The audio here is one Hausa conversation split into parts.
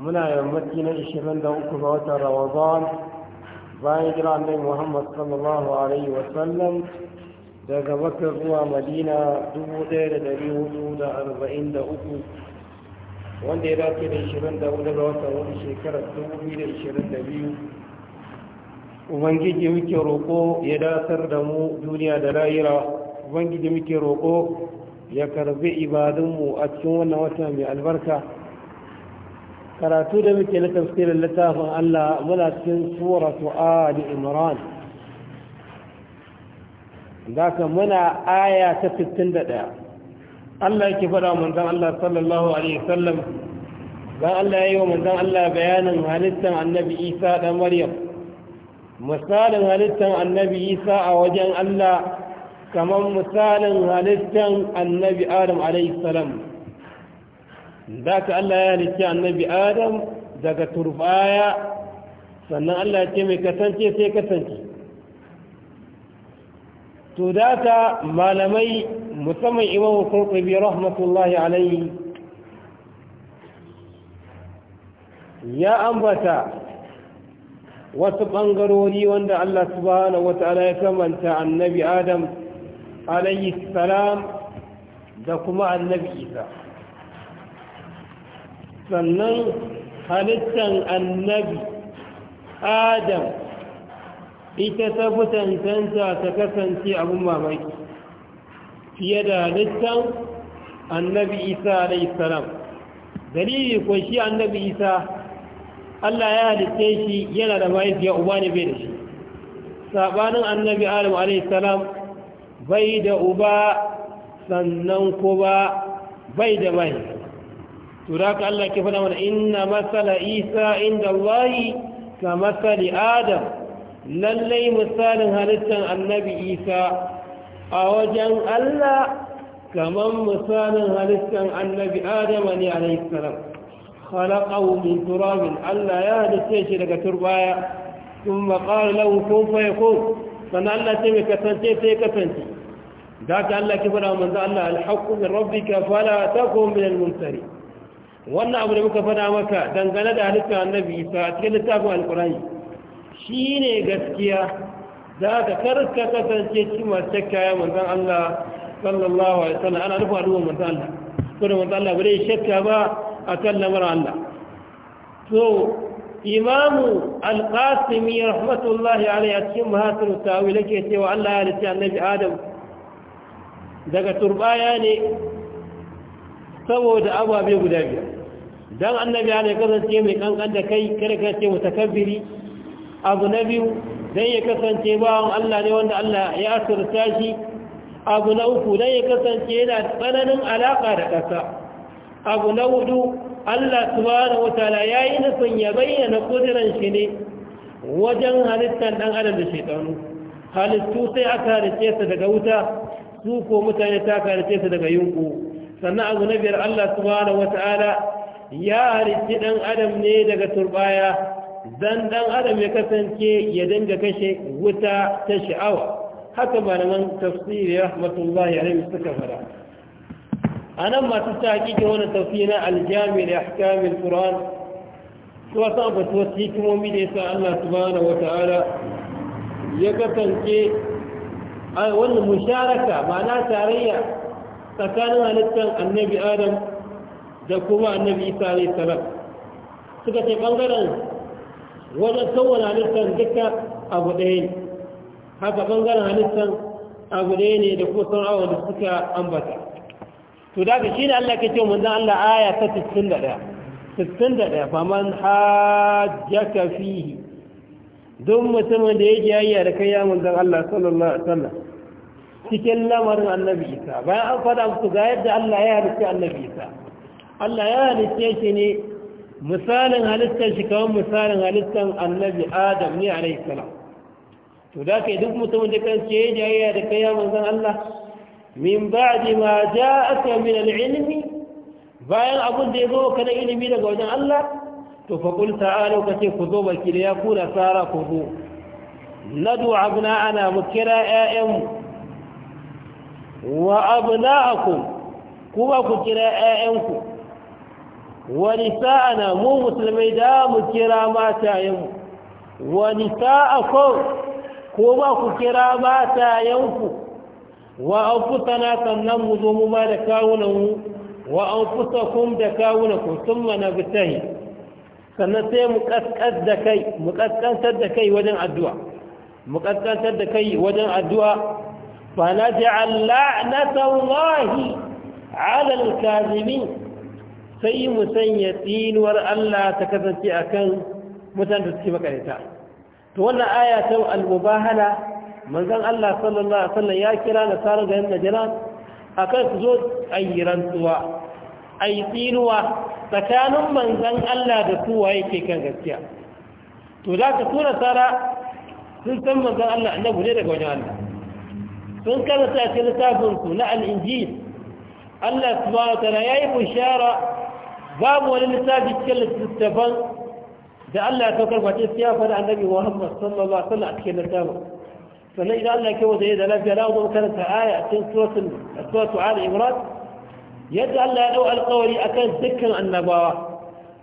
muna yammaci na 23 ga watan ramadan bayan jira mai muhammad sallallahu alaihi wasallam daga bakar zuwa madina 1443 wanda ya dace da 24 ga watan wani shekarar 2022 ubangiji muke roƙo ya dasar da mu duniya da rayira ubangiji muke roƙo ya karbi ibadunmu a cikin wannan wata mai albarka karatu da muke na tafsirin littafin Allah muna cikin suratu Ali Imran zaka muna aya ta 61 Allah yake faɗa manzon Allah sallallahu alaihi wasallam dan Allah yayi wa manzon Allah bayanin halittar Annabi Isa da Maryam misalin halittar Annabi Isa a wajen Allah kamar misalin halittar Annabi Adam alaihi salam da ka Allah ya halicci annabi adam daga turbaya sannan Allah ce mai kasance sai kasance to da ka malamai musamman imamu kurkubi rahmatullahi alaihi ya ambata wasu ɓangarori wanda Allah subhanahu wa ta'ala ya kamanta annabi adam alaihi salam da kuma annabi isa sannan halittan annabi adam ita ta butantanta ta kasance abin mamaki fiye da halittan annabi isa alaihissalam dalili ko shi annabi isa allah ya halitta shi yana da mahaifiyar uba ne bai da shi saɓanin annabi adam alaihissalam bai da uba sannan ba bai da mahaifiya to ka Allah ke faɗa mana inna masala isa inda wayi ka masali adam lallai misalin halittar annabi isa a wajen Allah kamar misalin halittar annabi adam ne alaihi salam خلقه من تراب ألا يهد السيش لك تربايا ثم قال له كن فيكون فأنا ألا تمي كتنتي في كتنتي ذاك ألا كفر من ذا ألا الحق من ربك فلا تكن mun الممترين wannan abu da muka faɗa maka dangane da halittar annabi isa a cikin littafin alkurani shi ne gaskiya za ka karka kasance cikin masu shakka ya manzan allah sallallahu alaihi wasallam ana nufa al'ummar manzan allah ko da manzan allah ba zai shakka ba a kan lamarin allah to imamu alƙasimi rahmatullahi alaihi a cikin mahasar tawi lake cewa allah ya halitta annabi adam daga turbaya ne saboda abu ababe guda biyar don annabi ya ne kasance mai kankan da kai kada ce mutakabbiri abu na biyu don ya kasance bawan Allah ne wanda Allah ya asirta shi abu na uku don ya kasance yana tsananin alaƙa da ƙasa abu na hudu Allah subhanahu yi yayi nufin ya bayyana kudiran shi ne wajen halittar dan adam da shekaru halittu sai aka halice su daga wuta su ko mutane ta halice su daga yunku sannan abu na biyar Allah subhanahu ta'ala ya harici ɗan adam ne daga turbaya zan ɗan adam ya kasance ya dinga kashe wuta ta sha'awa haka nan tafsiri ya alaihi suka fara A nan masu ta ke wani tafi na aljami da ahkamil qur'an su wasu abatu wasu hikimomi da sa Allah subhanahu wata ta'ala ya kasance wannan musharaka ma'ana tarayya tsakanin halittar annabi adam da kuma annabi isa alaihi salam suka ce ɓangaren wajen sauwar halittar duka abu ɗaya ne haka ɓangaren halittar abu ɗaya ne da kuma sauran awon da suka ambata to da ka shi ne allah ke ce manzan allah aya ta 61 61 faman hajjaka fihi don mutumin da ya ji yayya da kai ya manzan allah sallallahu alaihi wasallam cikin lamarin annabi isa bayan an faɗa musu ga yadda allah ya halitta annabi isa Allah ya halitta shi ne misalin halittar shi kawai misalin halittar annabi adam ne a salam to da ka yi duk mutumin da kan ce jayayya da kai ya manzan Allah min ba ji ma ja'aka min al bayan abun da ya zo kanan ilimi daga wajen Allah to faƙul qul ka ce ku zo baki da ya kula tsara ku zo nadu abna ana mu kira ƴaƴan wa abna'akum kuma ku kira ‘ya’yanku. wani sa'a na mu musulmai da mu kira matayenmu wani sa'a ko ba ku kira matayenku wa an fusana sannan mu zo mu ba da kawunanmu wa an fusa kun da kawunanku sun mana bitai sannan sai mu kaskantar da kai wajen addu'a mu kaskantar da na ji allah na sallahi alal kazimin sai mu sanya tsinuwar Allah ta kasance a kan mutan da suke makarita to wannan aya ta al-mubahala manzon Allah sallallahu alaihi wasallam ya kira nasarar da jira a kan su zo yi rantsuwa A yi tsinuwa tsakanin manzon Allah da tuwa yake kan gaskiya to za ka tura tsara sun san manzon Allah annabi ne daga wajen Allah sun karanta cikin littafin su na al-injil Allah subhanahu wa ta'ala yayi bushara babu wani littafi cikin littattafan da Allah ya saukar face sai ya faɗa annabi Muhammad sallallahu alaihi wasallam a cikin littafin sannan idan Allah ya kai kawo da lafiya na zo karanta aya a cikin suratul suratul Ali Imran yadda Allah ya dau alƙawari akan dukkan annabawa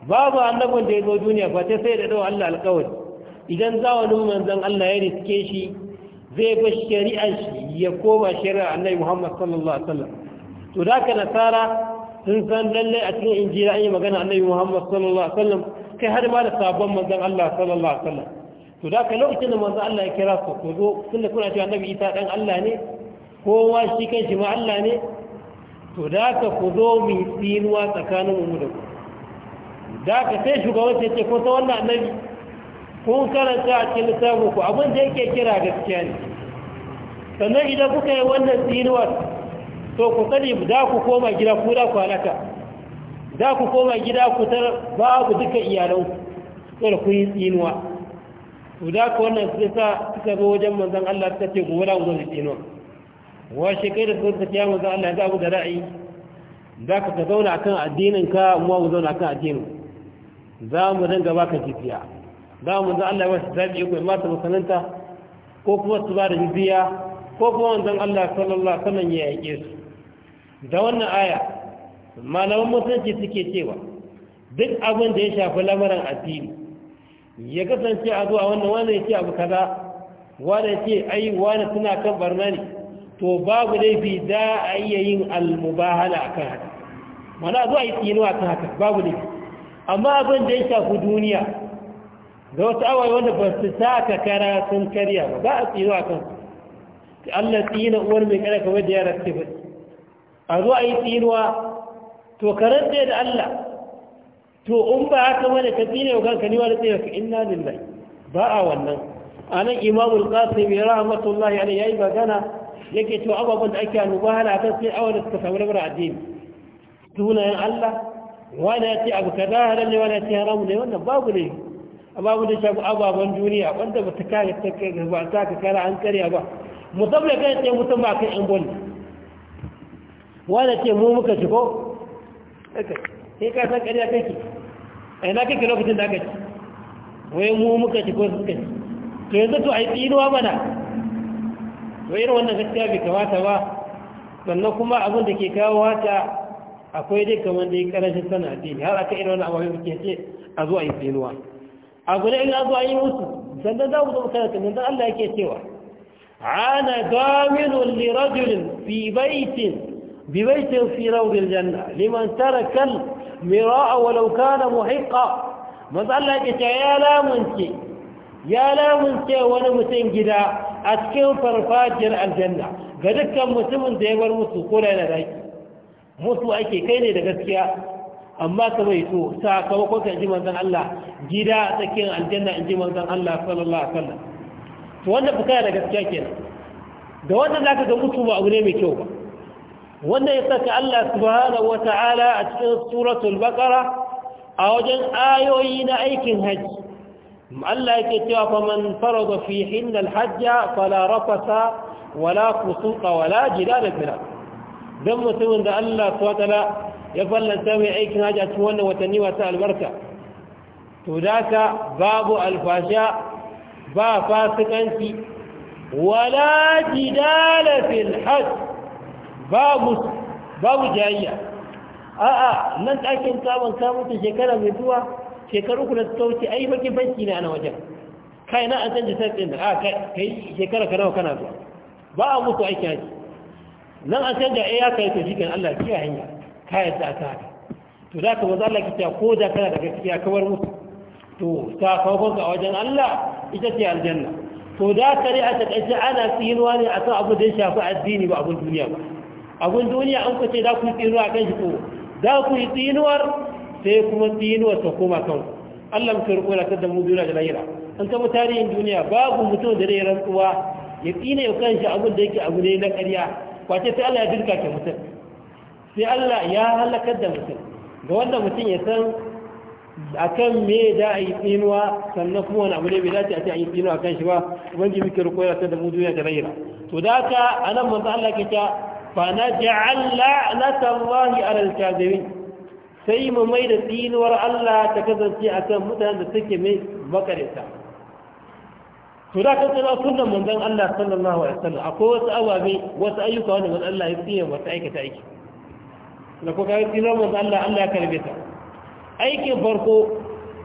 babu annabin da ya zo duniya face sai da dau Allah alƙawari idan zawanin manzon Allah ya riske shi zai bar shari'ar shi ya koma shari'ar annabi Muhammad sallallahu alaihi wasallam to da ka nasara sun san lalle a cikin injira an yi magana annabi Muhammad sallallahu alaihi wasallam kai har ma da sabon manzon Allah sallallahu alaihi wasallam to da ka lokacin da manzon Allah ya kira ku ku zo tunda kuna cewa annabi Isa dan Allah ne kowa shi kan shi ma Allah ne to da ka ku zo mu tsinuwa tsakanin mu da ku da ka sai shugaban sai ce ko ta wannan annabi kun karanta a cikin littafin ku abin da yake kira gaskiya ne sannan idan kuka yi wannan tsinuwar to ku sani za ku koma gida ku da ku halaka za ku koma gida ku tar babu duka iyalanku da ku yi tsinuwa ku da ku wannan suka sa suka zo wajen manzon Allah suka ce gobe za ku zo tsinuwa washe kai da suka ce ya manzon Allah za mu da ra'ayi za ka zauna kan addinin ka mu mu zauna kan addinin za mu dinga baka jibiya za mu zan Allah wasu zaɓi ko ma ta musananta ko kuma su ba da jibiya ko kuma wanzan Allah sallallahu alaihi wasallam ya yake su da wannan aya malaman mutunci suke cewa duk abin da ya shafi lamarin addini ya kasance a zuwa wannan wanda ya ce abu kaza wanda ya ce ai wanda suna kan barna ne to babu laifi za a iya yin almubahala a kan haka mana zuwa yi tsinuwa kan haka babu laifi amma abin da ya shafi duniya da wasu awai wanda ba su sa ka kara sun karya ba za a tsinuwa kan Allah tsina uwar mai kara kamar da yara ke faɗi a zo a yi tsinuwa to karar da Allah to in ba haka mana ka tsine wa kanka ni wani tsaye ka inna lillahi ba a wannan anan imamul qasim ya rahmatullahi alayhi yayi magana yake to ababan da ake annubahala akan sai awara suka samu rabar addini sunayen Allah wani ya ce abu ka da, halal ne wani ya ce haramu ne wannan babu ne babu da shafi ababen duniya wanda ba ta kare ta ba ta ka kara an karya ba musamman kai sai mutum ba kan yan bolli wanda ce mu muka ci ko sai ka san ƙarya kai ci a yana kake lokacin da aka ci wai mu muka ci ko suka ci to yanzu to a yi tsinuwa mana to irin wannan gaskiya bai kamata ba sannan kuma abin da ke kawo wata akwai dai kamar da ya karashin sana addini har aka irin wani abubuwa ke ce a zuwa yi tsinuwa a guda in a zuwa yi musu sannan za mu zo makaranta nan Allah yake cewa ana wani lirajulin fi baitin ببيت في روض الجنة لمن ترك المراء ولو كان محقا matsala ita ya lamunce ya lamunce wani mutum gida a cikin farfajiyar aljanna ga dukkan mutumin da ya bar musu ko da yana daki musu ake kai ne da gaskiya amma ka bai so sakamakon ka ji manzon Allah gida a aljanna in ji manzon Allah sallallahu alaihi wasallam to wanda da gaskiya kenan da wanda ga mutu ba abu ne mai kyau ba wanda ya saka Allah subhanahu wata'ala a cikin suratul baqara a wajen ayoyi na aikin hajji, Allah yake cewa faman farada fi hinnal hajja fala rafasa wala fusuqa wala jidala fil dan mutumin da Allah ta'ala ya fallanta mai aikin hajji a cikin wannan watanni masu albarka to daka babu alfasha ba fasikanci wala jidala fil hajj babu babu jayayya a'a nan ɗakin ka mutu shekara mai zuwa shekaru kuna ta wuce ai baki banki na ana wajen kai na an canza sarfin da a kai shekara ka nawa kana zuwa ba a mutu aiki haji nan an canza ai ya kai to shi kan Allah kiya hanya ka yadda aka haka to za ka maza Allah ki ta ko da kana da gaskiya kawar mutu to ta kawo a wajen Allah ita ce aljanna to da kare a taƙaice ana tsinuwa ne a kan abu da ya shafi addini ba abin duniya ba abin duniya an kwace za ku yi tsinuwa a kan shi ko za ku yi tsinuwar sai kuma tsinuwar ta koma kan Allah mutum rukuna ta da mu duniya da lahira an taɓa tarihin duniya babu mutum da zai rantsuwa ya tsine ya kan shi abin da yake abu ne na ƙarya kwace sai Allah ya dirka ke mutum sai Allah ya halakar da mutum ga wanda mutum ya san akan me da a yi tsinuwa sannan kuma wani abu ne bai dace a ce a yi tsinuwa kan shi ba ubangiji muke rukuna ta da mu duniya da lahira to da haka anan manzo Allah ke ta فنجعل لعنة الله على الكاذبين sai mu mai da tsinuwar Allah ta kasance a kan mutanen da suke mai makarita to da kan tsira sunan manzon Allah sallallahu alaihi wasallam akwai wasu ababe wasu ayyuka wanda manzon Allah ya tsiye wata aikata aiki da ko kai tsinuwar manzon Allah Allah ya karbe ta aikin farko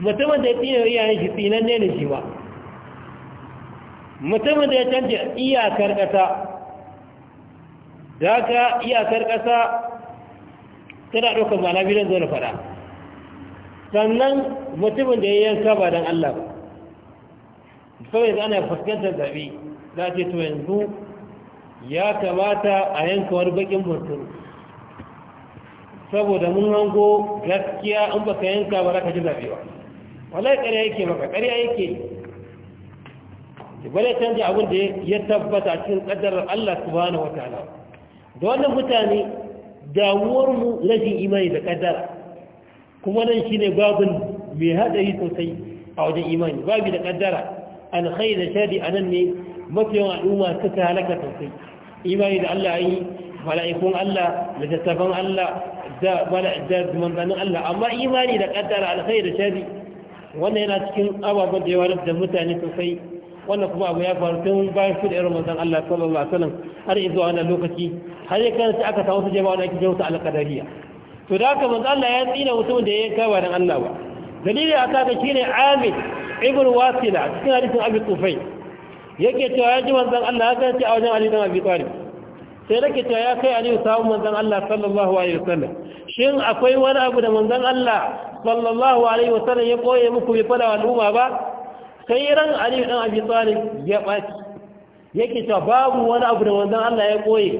mutumin da ya tsiye iyayen shi tsinan ne ne shi ba mutumin da ya canja iyakar ƙasa. da haka iyakar ƙasa tana ɗaukar ma'ana biyu zai faɗa sannan mutumin da ya yanka ba don Allah ba kawai da ana fuskantar zaɓe za a ce to yanzu ya kamata a yanka wani baƙin mutum. saboda mun hango gaskiya in baka yanka ba za ka ji zaɓe ba wallahi ƙarya yake maka ƙarya yake bala canji abin da ya tabbata cikin ƙaddarar Allah subhanahu wa ta'ala da wannan mutane damuwarmu rashin imani da kaddara kuma nan shine babin mai haɗari sosai a wajen imani babi da kaddara alkhai da shari a nan ne mafi yawan al'umma suka halaka sosai imani da Allah yi mala'ikun Allah da Allah da manzannin Allah amma imani da kaddara alkhai da shari wannan yana cikin ababen da yawa da mutane sosai wannan kuma abu ya faru tun bayan shi da irin manzon Allah sallallahu alaihi wasallam har zuwa wannan lokaci har ya kanta aka samu su jama'a da ake jauta alƙadariya. to da haka manzon Allah ya tsina mutum da ya kai dan Allah ba dalili a kaka shine Amin ibn Wasila cikin hadisin Abi Tufai yake cewa ya ji manzon Allah ya kanta a wajen alidan dan Abi Talib sai nake cewa ya kai Ali samu manzon Allah sallallahu alaihi wasallam shin akwai wani abu da manzon Allah sallallahu alaihi wasallam ya koye muku bai fada al'umma ba sai ran ali dan abi talib ya baci yake cewa babu wani abu da wannan Allah ya koye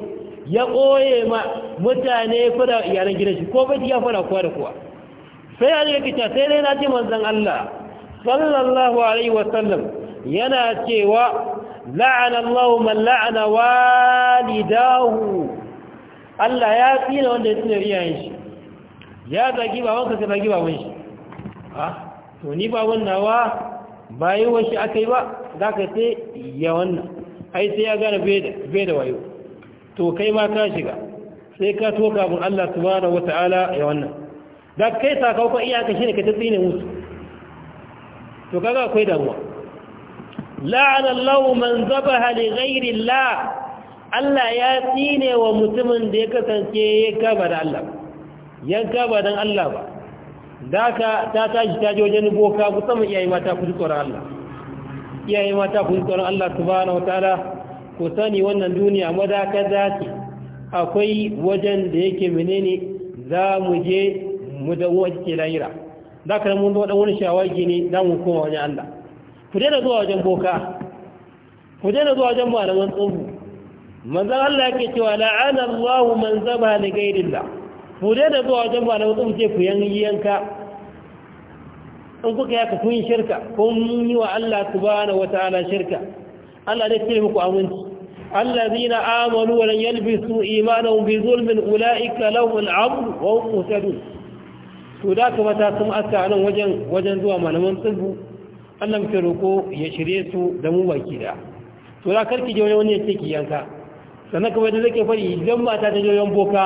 ya koye ma mutane fara iyalan gidan shi ko bai ya fara kowa da kowa sai ali yake cewa sai dai na ji manzon Allah sallallahu alaihi wasallam yana cewa la'ana Allah man la'ana walidahu Allah ya tsina wanda ya tsina iyayen shi ya zagi babanka sai zagi baban shi ah to ni ba wannan wa? bayan washi aka yi ba za ka sai ya wannan ai sai ya gane bai da wayo to kai ma ka shiga sai ka to kafin Allah subhanahu wata'ala ya wannan da kai iya iyaka shine ka tsine musu to kaga akwai damuwa la'ana Allah man zabaha li ghairi Allah Allah ya tsine wa mutumin da ya kasance ya kaba da Allah ya kaba dan Allah ba da haka ta tashi ta je wajen boka musamman iyaye mata ku tsoron Allah iyaye mata ku tsoron Allah subhanahu wataala ku sani wannan duniya madaka za ce akwai wajen da yake menene za mu je mu da wajen lahira za ka mun zo dan wani shawagi ne za mu koma wajen Allah ku daina zuwa wajen boka ku daina zuwa wajen malaman tsubu manzon Allah yake cewa la'ana Allahu man zaba li ghairillah ku dai da zuwa wajen ba da wata mutu ku yanyi yanka in kuka yaka kun shirka kun yi wa Allah ku ba na wata ala shirka Allah dai kire muku aminci Allah zai na amonu wa ranyar su imanan bi zulmin ula'ika lauhun abu wa mutadu su da ka mata sun aska a nan wajen zuwa malaman tsibu Allah mafi roko ya shirye su da mu baki da su da karki je wani ya ce ki yanka sannan kamar da zai ke fari idan mata ta jiyoyin boka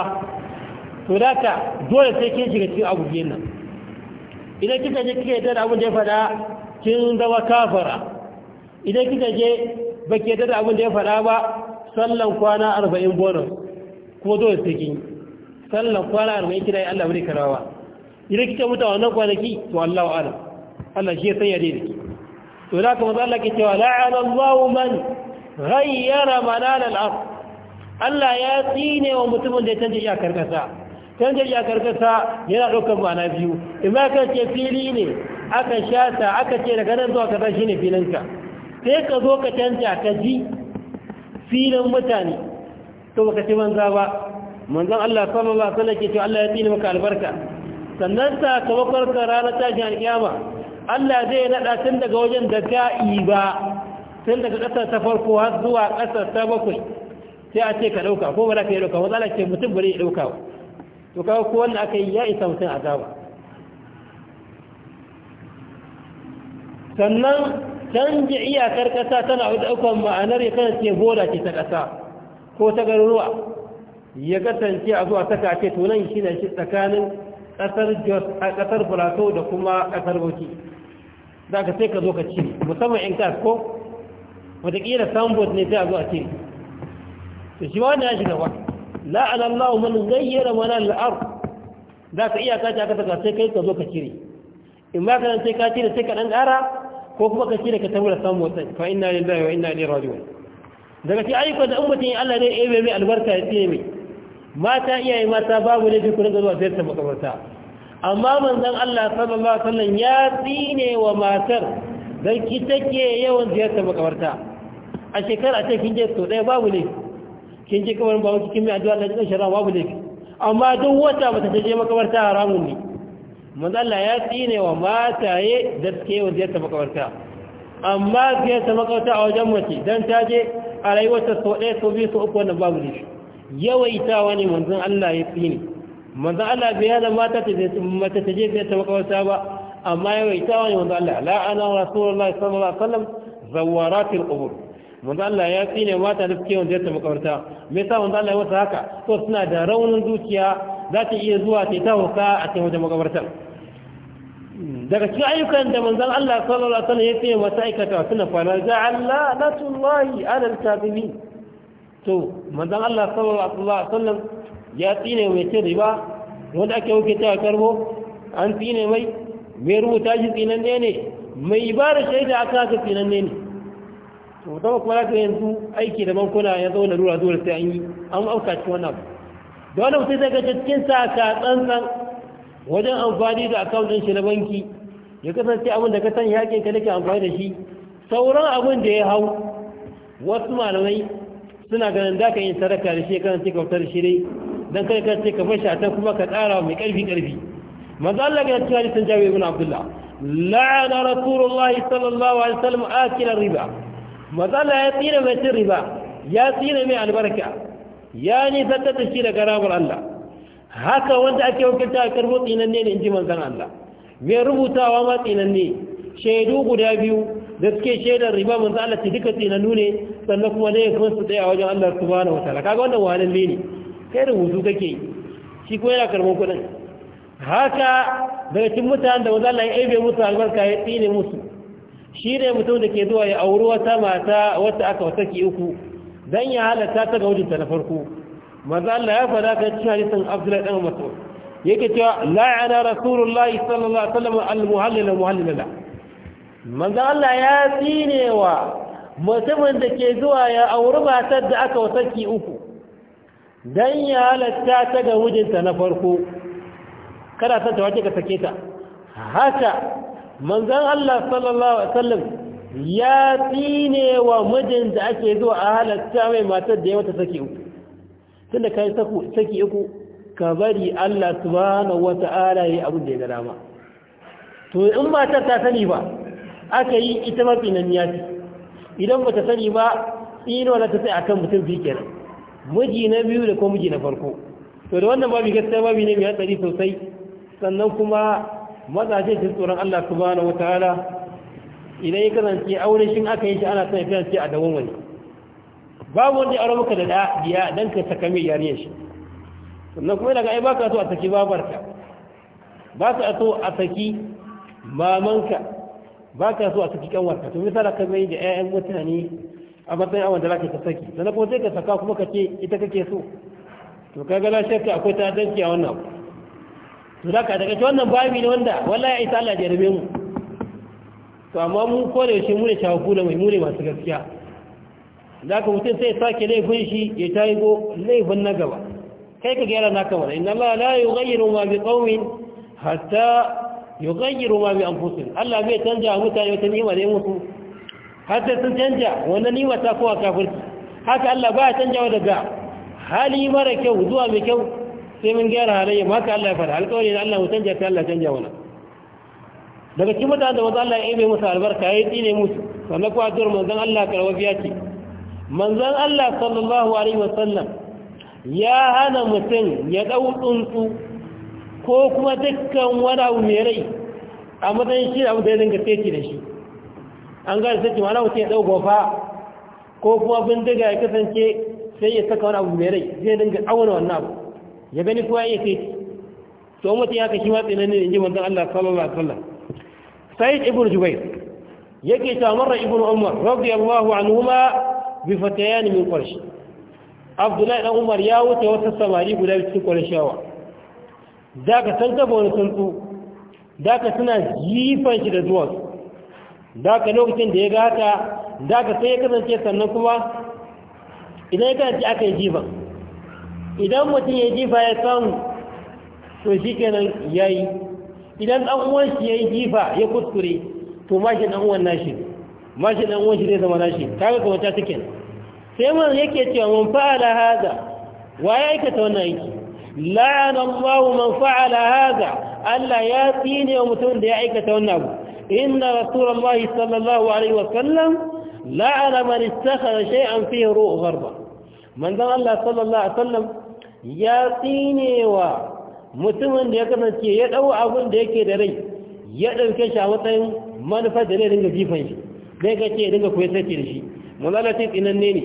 to da ka dole sai kin shiga cikin abu nan idan kika je kika yadda da abin da ya faɗa kin zama kafara idan kika je ba ke yadda da abin da ya faɗa ba sallan kwana arba'in bonus kuma dole sai kin sallan kwana arba'in kina yi allah wani karawa idan kika mutu a wannan kwanaki to allahu wa'ala allah shi ya sanya daidai to da ka maza allah ke cewa la'ana allahu man ghayyara manal al-ard Allah ya tsine wa mutumin da ya canja iyakar kasa canjar ya karkasa yana ɗaukar ma'ana biyu imma ka ce fili ne aka shata aka ce daga nan zuwa kaza shine filinka sai ka zo ka canja ka ji filin mutane to baka ci banza ba manzon Allah sallallahu alaihi wasallam ke to Allah ya tsine maka albarka sannan sakamakon ka ranar tashin alkiyama Allah zai naɗa tun daga wajen da ga'i ba tun daga ƙasar ta farko har zuwa ƙasar ta bakwai sai a ce ka ɗauka ko ba za ka yi ɗauka wanda Allah ce mutum ba zai ɗauka to kawo ko wanda aka yi ya isa mutum azaba sannan canji iyakar ƙasa tana ɗaukar ma'anar ya ce boda ce ta ƙasa ko ta garuruwa ya kasance a zuwa saka ce tunan shi ne shi tsakanin ƙasar jos a kasar plateau da kuma ƙasar bauchi za ka sai ka zo ka ci musamman in kas ko wataƙila sambo ne ta zo a ce to shi ma wanda ya shiga ba la'ana Allah man ghayyara mana ard za ka iya ta ka ta sai kai ka zo ka cire in ba ka sai ka cire sai ka dan gara ko kuma ka cire ka tabbata samu wata fa inna lillahi wa inna ilaihi raji'un daga ci ayyuka da ummatin Allah ne ebe mai albarka ya ce mai mata iyaye mata babu ne ku rinka zuwa ta makabarta amma manzon Allah sallallahu alaihi wasallam ya tsine wa matar dan ki take yawan ziyarta makabarta a shekara ta kinje to ɗaya babu ne kin ji kamar ba kin mai addu'a Allah ya kashe babu laifi amma duk wata mata ta je makabarta haramun ne manzo Allah ya tsine wa mataye da suke wa ziyarta makabarta amma ziyarta makabarta a wajen mace dan ta je a rayuwarta so ɗaya so biyu so uku wannan babu laifi yawaitawa ne manzon Allah ya tsine manzon Allah bai hada mata ta je mata ta je ziyarta makabarta ba amma yawaitawa ne manzon Allah la'ana rasulullahi sallallahu alaihi wasallam zawaratil qubur manzo Allah ya tsine mata da suke wanda ta makabarta me yasa manzo Allah ya wasa haka to suna da raunin zuciya za ta iya zuwa ta ta hauka a cikin wajen makabartar daga cikin ayyukan da manzan Allah sallallahu alaihi wasallam ya tsine mata aikata suna fara la tullahi ala al-kafirin to manzan Allah sallallahu alaihi wasallam ya tsine mai ce riba wanda ake wuce ta karbo an tsine mai mai rubuta shi tsinanne ne mai ibara shaida aka haka ne ne to kuma zaka yanzu aiki da bankuna ya zo rura zuwa sai an yi an auka cikin wannan abu da wannan mutum zai ga cikin sa ka tsantsan wajen amfani da akawun ɗin shi na banki ya kasance abin da ka san yakin ka nake amfani da shi sauran abin da ya hau wasu malamai suna ganin da ka yi sadaka da shi kan cika wutar shi dai don kai kan cika fashi a ta kuma ka tsara mai karfi ƙarfi manzo Allah ya cewa sun jawo ibn Abdullah la'ana rasulullahi sallallahu alaihi wasallam akila riba mazala ya tsira mai cin riba ya tsira mai albarka ya nisanta da shi daga ramar Allah haka wanda ake wakilta a karbo tsinanne ne in ji manzan Allah mai rubutawa ma tsinanne shaidu guda biyu da suke shaidar riba manzan Allah ci duka tsinannu ne sannan kuma ne kuma su tsaya wajen Allah su wata laka ga wannan wahalan ne kai rubutu kake yi shi kuma yana karɓar kuɗin haka daga cikin mutanen da wanzu Allah ya aibe musu albarka ya tsine musu shi ne mutum da ke zuwa ya auri wata mata wata aka ke uku don ya halatta ta ga wajinta na farko maza Allah ya fara ka cikin halittar Abdullahi ɗan yake cewa la'ana la'i sallallahu alaihi al maza Allah ya tsinewa mutumin da ke zuwa ya auri matar da aka ke uku don ya halatta ta ga wajinta na farko kada ta ka sake ta haka manzan Allah sallallahu alaihi wasallam ya tsine wa mijin da ake zuwa a halatta mai matar da ya wata saki uku tunda kai saki uku ka bari Allah subhanahu wata'ala yi abin da ya ga dama to in matar ta sani ba aka yi ita mafi nan ya ce idan ba ta sani ba ino na ta sai a kan mutum biyu kenan miji na biyu da kuma miji na farko to da wannan babu gaskiya babu ne mai hatsari sosai sannan kuma mazaje jin tsoron Allah subhanahu wataala idan ya kasance aure shin aka yi shi ana son ya kasance a dawon wani babu wanda ya aure da ɗaya don ka saka mai yariyar shi sannan kuma daga ai ba ka so a saki babarka ba ka so a saki mamanka ba ka so a saki kanwarka to misali ka mai da 'ya'yan mutane a matsayin awon da za ka ta saki sannan kuma sai ka saka kuma ka ce ita kake so to kaga na shakka akwai danki a wannan abu zaka da ka wannan babi ne wanda wallahi ya isa Allah jarabe mu to amma mu ko da yaushe mu ne ku da mai mu ne masu gaskiya da ka mutum sai sake laifin shi ya taigo laifin na gaba kai ka gyara naka mana inna Allah la yughayyiru ma bi qawmin hatta yughayyiru ma bi anfusihim Allah bai canja mutane wata ni'ima ne musu hatta sun canja wannan ni'ima ta kowa kafirci haka Allah ba ya canjawa daga hali mara kyau zuwa mai kyau sai mun gyara halayya ka Allah ya fara alƙawari da Allah mu canja sai Allah canja wani daga cikin mutanen da wasu Allah ya ibe musu albarka ya yi tsine musu sannan kuwa zuwa manzan Allah biya ce manzan Allah sallallahu alaihi wasallam ya hana mutum ya ɗau tsuntsu ko kuma dukkan wani abu mai rai a matsayin shi abu da ya dinga teki da shi an gane sai mana mutum ya ɗau gofa ko kuma bindiga ya kasance sai ya saka wani abu mai rai zai dinga auna wannan abu ya gani kuwa ya ce to mutum ya kashi watsi na ne in ji manzon Allah sallallahu alaihi wasallam sa'id ibn jubair yake cewa marra ibn umar radiyallahu anhuma bi fatayan min quraish abdullahi dan umar ya wuce wata samari guda cikin Da ka san ka wani Da ka suna jifan shi da zuwa ka lokacin da ya ga haka ka sai ya kasance sannan kuma idan ya kasance aka yi jifan idan mutum ya jifa ya san to shi kenan ya yi idan ɗan uwan shi ya yi jifa ya kuskure to mashi ɗan uwan nashi mashi ɗan uwan shi zai zama nashi ta ga kamata take sai man yake cewa mun fa'ala haza wa ya aikata wannan aiki la'ana Allahu man fa'ala haza Allah ya tsine wa mutum da ya aikata wannan abu inna rasulullahi sallallahu alaihi wa sallam la'ana man istakhara shay'an fihi ru'u man zan Allah sallallahu alaihi wa sallam ya tsinewa mutumin da ya kasance ya ɗau abin da yake da rai ya ɗauke shi a matsayin manufar da zai dinga jifan shi zai ga ce ya kuwa sake da shi mulalatin tsinanne ne ne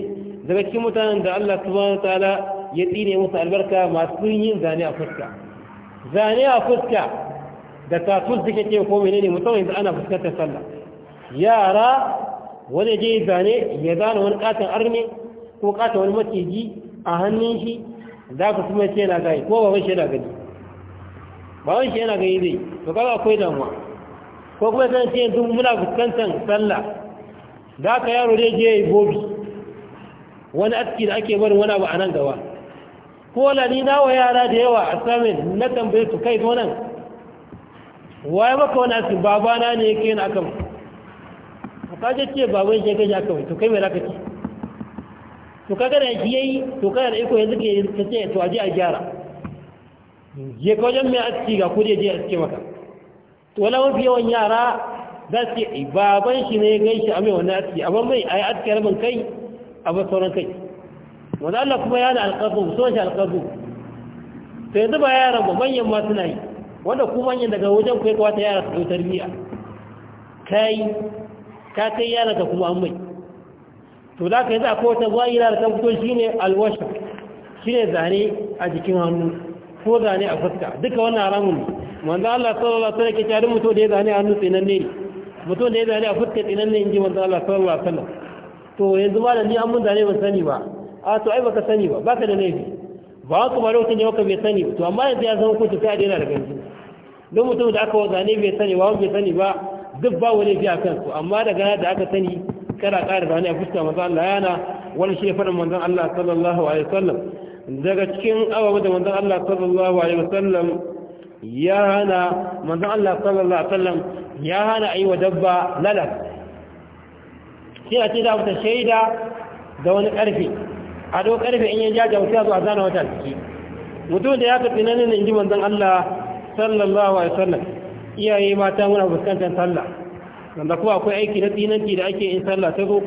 daga cikin mutanen da Allah subhanahu wa ta'ala ya tsine musu albarka masu yin zane a fuska zane a fuska da tatus suke ce ko menene musamman yanzu ana fuskantar sallah yara wani je zane ya zana wani katon arne ko katon wani maciji a hannun shi Da ku kuma ce yana gani ko baban shi yana gani ba shi yana gani zai to kaga akwai damuwa ko kuma san ce yanzu muna fuskantar sallah da ka yaro dai je ya yi bobi wani aski da ake barin wani abu a nan gaba ko ni na wa yara da yawa a samin na tambaye su kai zo nan waye maka wani aski babana ne yake yin akan ka je ce baban shi ya gaji akan to kai mai zaka ce to kaga da shi yayi to kaga da iko yanzu ke ta ce to aje a gyara je ka wajen mai aski ga kudi je a aske maka to wala mafi yawan yara za su ce baban shi ne gai shi a mai wani aski amma mai a yi aski rabin kai a ba sauran kai wanda Allah kuma ya da alƙazu so shi alƙazu to yanzu ba yara ba manyan ma suna yi wanda ku manyan daga wajen ku ya kawata yara su ɗau tarbiyya kai ka kai yaran ka kuma an mai to da ka yi za a kowace zuwa da ta fito shi ne alwasha shi ne zane a jikin hannu ko zane a fuska duka wannan ramun ne Allah sallallahu alaihi wasallam ke tare mutum da ya zane a hannu tsinanne ne mutum da ya zane a fuska tsinanne in ji manzo Allah sallallahu alaihi wasallam to yanzu ba da ni an mun zane ban sani ba a to ai baka sani ba baka da laifi ba ku ba lokacin da baka bai sani to amma yanzu ya zama kuce sai a daina da gangan don mutum da aka zane bai sani ba bai sani ba duk ba wani biya kansu amma daga da aka sani kada ƙara da a fuska manzo Allah yana wani shi faɗin manzan Allah sallallahu alaihi wasallam daga cikin ababen da manzan Allah sallallahu alaihi wasallam ya hana manzon Allah sallallahu alaihi wasallam ya hana ayi wa dabba lalab sai a ce da ta shaida da wani ƙarfe. a do ƙarfe in ya jaja wuta zuwa zana wata ciki mutum da ya tafi nan ne in ji manzan Allah sallallahu alaihi wasallam iyaye mata muna fuskantar sallah wanda kuma akwai aiki na tsinanci da ake in sallah ta zo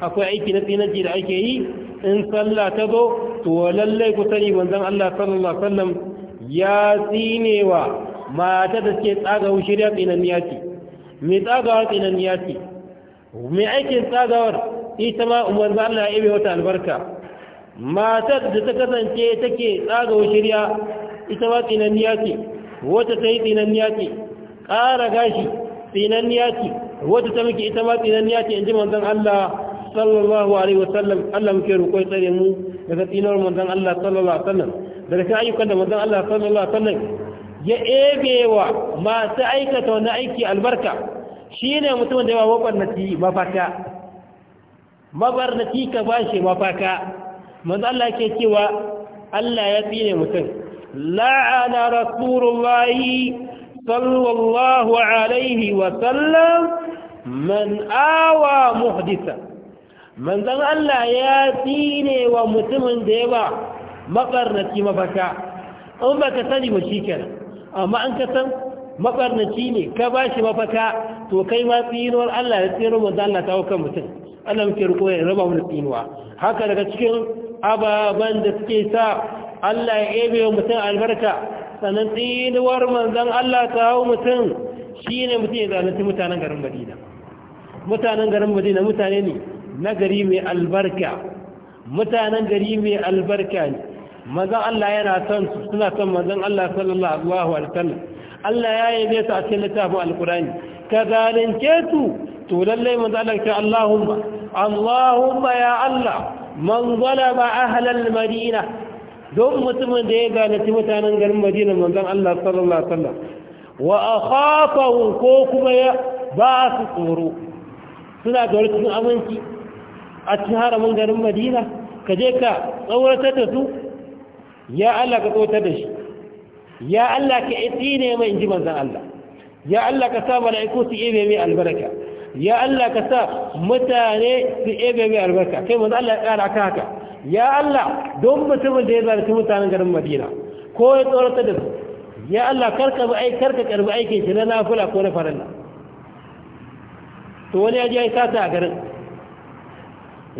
akwai aiki na tsinanci da ake yi in sallah ta zo to lallai ku sani wanzan Allah sallallahu alaihi wasallam ya tsinewa mata da suke tsaga shirya tsinanniya ce mai tsagawar tsinanniya ce Me aikin tsagawar ita ma umar za Allah ya ibe wata albarka matar da ta kasance take tsagawar shirya ita ma tsinanniya ce wata ta yi tsinanniya ce ƙara gashi tsinanniya ce wata ta muke ita ma tsinanniya ce in ji manzon Allah sallallahu alaihi wasallam Allah muke roƙon tsare mu daga tsinar manzon Allah sallallahu alaihi wasallam daga cikin ayyukan da manzon Allah sallallahu alaihi wasallam ya ebewa masu aikata wani aiki albarka shine mutumin da ya ba mabarnaci mafaka mabarnaci ka bashi mafaka manzon Allah ke cewa Allah ya tsine mutum la'ana rasulullahi sallallahu alaihi wasallam man awa muhdisa manzan Allah ya tsine wa mutumin da yawa makarnaci mafaka in baka sani ba shikenan amma an kasan makarnaci ne ka ba shi mafaka to kai ma tsinuwar Allah ya tsinu manzan Allah ta hukar mutum Allah muke riko ya raba da tsinuwa haka daga cikin ababen da suke sa Allah ya ebe wa mutum albarka sannan tsinuwar manzan Allah ta hau mutum shi ne mutum ya zalunci mutanen garin madina mutanen garin madina mutane ne na gari mai albarka mutanen gari mai albarka ne manzan Allah yana son su suna son manzan Allah sallallahu alaihi wasallam Allah ya yi su a cikin littafin alkurani ka zalunce su to lallai manzan Allah ta Allahumma Allahumma ya Allah man zalama ahlal madina don mutumin da ya galaci mutanen garin madina mazan Allah sallallahu alaihi wa a akhafahu ko kuma ya ba su tsoro suna da wani aminci a cikin haramin garin madina ka je ka tsawatar da su ya Allah ka tsawatar da shi ya Allah ka iti ne mai inji mazan Allah ya Allah ka sa mala'iku su ebe mai albarka ya Allah ka sa mutane su ebe mai albarka kai manzon Allah ya kara haka ya Allah don mutumin da ya zarci mutanen garin madina ko ya tsorata da su ya Allah karka bi karka karbi aikin shi na nafula ko na farilla to wani ya je ya sata a garin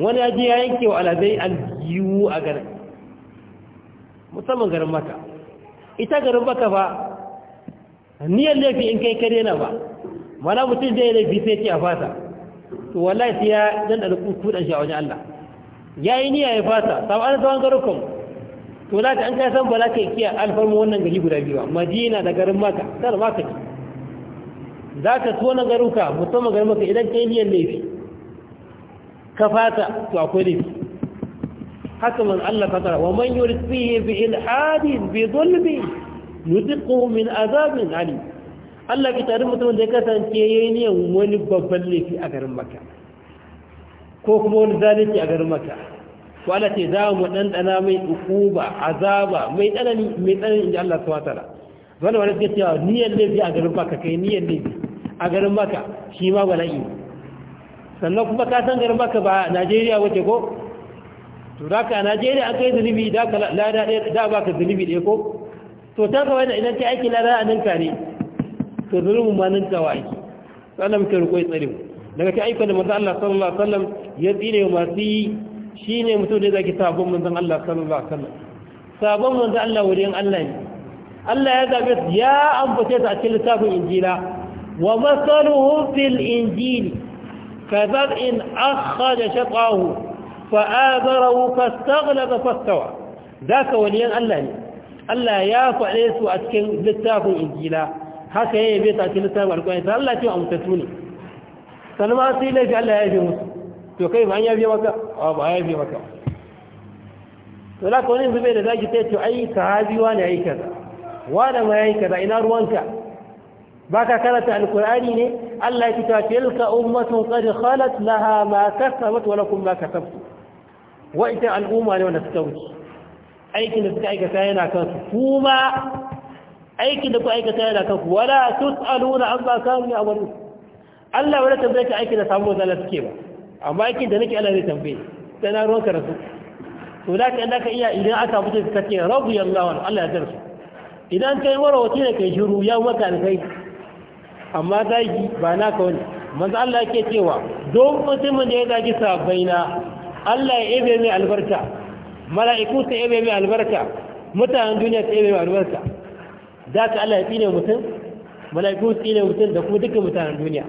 wani ya je ya yanke wa alazai aljiwu a garin musamman garin maka ita garin maka ba niyyar laifi in kai kare na ba mana mutum zai laifi sai ce a fata to wallahi sai ya dan da shi a wajen Allah ya yi niyya ya fasa sau an tsawon garukan to za ka an kai san ba za ka kiya alfarma wannan gari guda biyu madina da garin maka kar maka ce za ka so na garuka musamman garin maka idan kai niyyar laifi ka fata to akwai laifi haka man Allah fatara wa man yurid fihi bi ilhadin bi zulmi yudiku min azabin ali Allah ki tare mutumin da ya kasance niyan wani babban laifi a garin maka ko kuma wani zalunci a garin maka ko Allah ce za mu ɗanɗana mai ukuba azaba mai tsanani mai tsanani inda Allah su watara wanda wani suke cewa niyyar laifi a garin maka kai niyyar laifi a garin maka shi ma bala'i sannan kuma ka san garin maka ba Najeriya wace ko to za ka a Najeriya an kai zunubi da ka baka zunubi ɗaya ko to ta kawai da idan ka aiki lada a ninka ne to zunubin ma nan wa aiki sannan muke tsare mu daga ta aika da manzon Allah sallallahu alaihi wasallam ya tsine masu yi ne mutum da zaki sabon manzon Allah sallallahu alaihi wasallam sabon Allah wurin Allah ne Allah ya zabe ya ambace su a cikin littafin Injila wa masaluhum fil injili كذرء أخرج شطعه فآذره فاستغلب فاستوى ذاك وليا الله الله يا فعليس وأتكن لتاف الإنجيلا هكا يبيت أتكن لتاف القرآن الله تيو أمتتوني sannan ma sai laifi Allah ya yafe musu to kai ma an yafe maka a ba ya yafe maka to la ka wani zube da zaki sai to ai sahabi wani yayi kaza wani ma yayi kaza ina ruwanka baka karanta alqur'ani ne Allah ya ta tilka ummatun qad khalat laha ma kasabat wa lakum ma kasabtum wa ita al'umma ne wanda suka wuce aikin da suka aikata yana kansu kuma aikin da ku aikata yana kanku wala tus'aluna amma kanu ya'malun Allah wani tambaye ka aiki da samu mazala suke ba amma aikin da nake Allah zai tambaye sai na ruwan karatu to da ka ka iya idan aka mutu ka ce rabu yallawan Allah ya darsu idan kai wara wace ne kai shiru ya maka da kai amma zagi ba na ka wani manzo Allah yake cewa don mutumin da ya zagi sabaina Allah ya ebe mai albarka mala'iku su ebe mai albarka mutanen duniya su ebe mai albarka da ka Allah ya tsine mutum mala'iku su tsine mutum da kuma dukkan mutanen duniya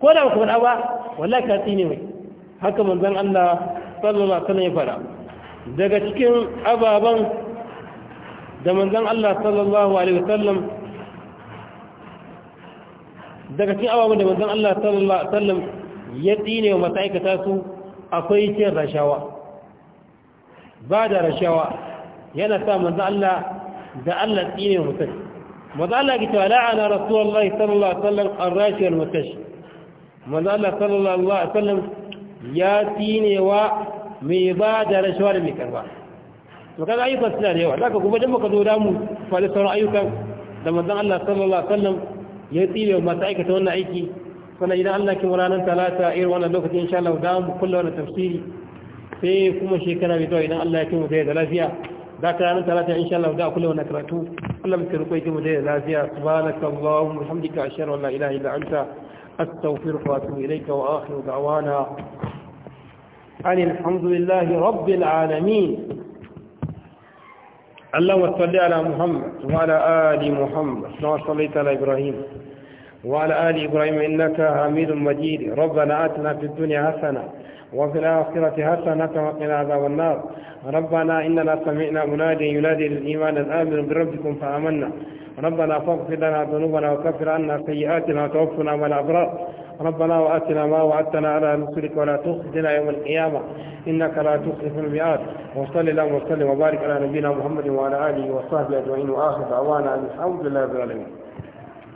ko da ba ku faɗa ba wallahi ka tsine mai haka manzon Allah sallallahu alaihi wasallam ya faɗa daga cikin ababan da manzon Allah sallallahu alaihi wasallam daga cikin ababan da manzon Allah sallallahu alaihi wasallam ya tsine wa mata'ikata su akwai cin rashawa ba da rashawa yana sa manzon Allah da Allah tsine wa mutum manzon Allah ya ce la'ana rasulullahi sallallahu alaihi wasallam ar-rashi wal mutashi manzo Allah sallallahu alaihi wasallam ya tinewa mai ba da rashawa da mai karba to kaga ayyukan suna da yawa zaka kuma dan maka zo da mu sauran ayyukan da manzo Allah sallallahu alaihi ya tsire masu aikata wannan aiki sannan idan Allah ke ranar talata a irin wannan lokacin insha Allah da mu kulla wannan tafsiri sai kuma shekara mai zuwa idan Allah ya kimu da da lafiya za ka ranar talata insha Allah da kulla wannan karatu Allah mu kirkoi kimu da lafiya subhanakallahumma wa bihamdika ashhadu an la ilaha illa anta أستغفرك وأتوب إليك وآخر دعوانا أن الحمد لله رب العالمين اللهم صل على محمد وعلى آل محمد كما صليت على إبراهيم وعلى آل إبراهيم إنك حميد مجيد ربنا آتنا في الدنيا حسنة وفي الآخرة حسنة وقنا عذاب النار ربنا إننا سمعنا منادي ينادي للإيمان الآمن بربكم فآمنا ربنا فاغفر لنا ذنوبنا وكفر عنا سيئاتنا وتوفنا مع الأبرار ربنا وآتنا ما وعدتنا على رسلك ولا تخزنا يوم القيامة إنك لا تخلف المئات وصل اللهم وسلم وبارك على نبينا محمد وعلى آله وصحبه أجمعين وآخر دعوانا أن الحمد لله رب العالمين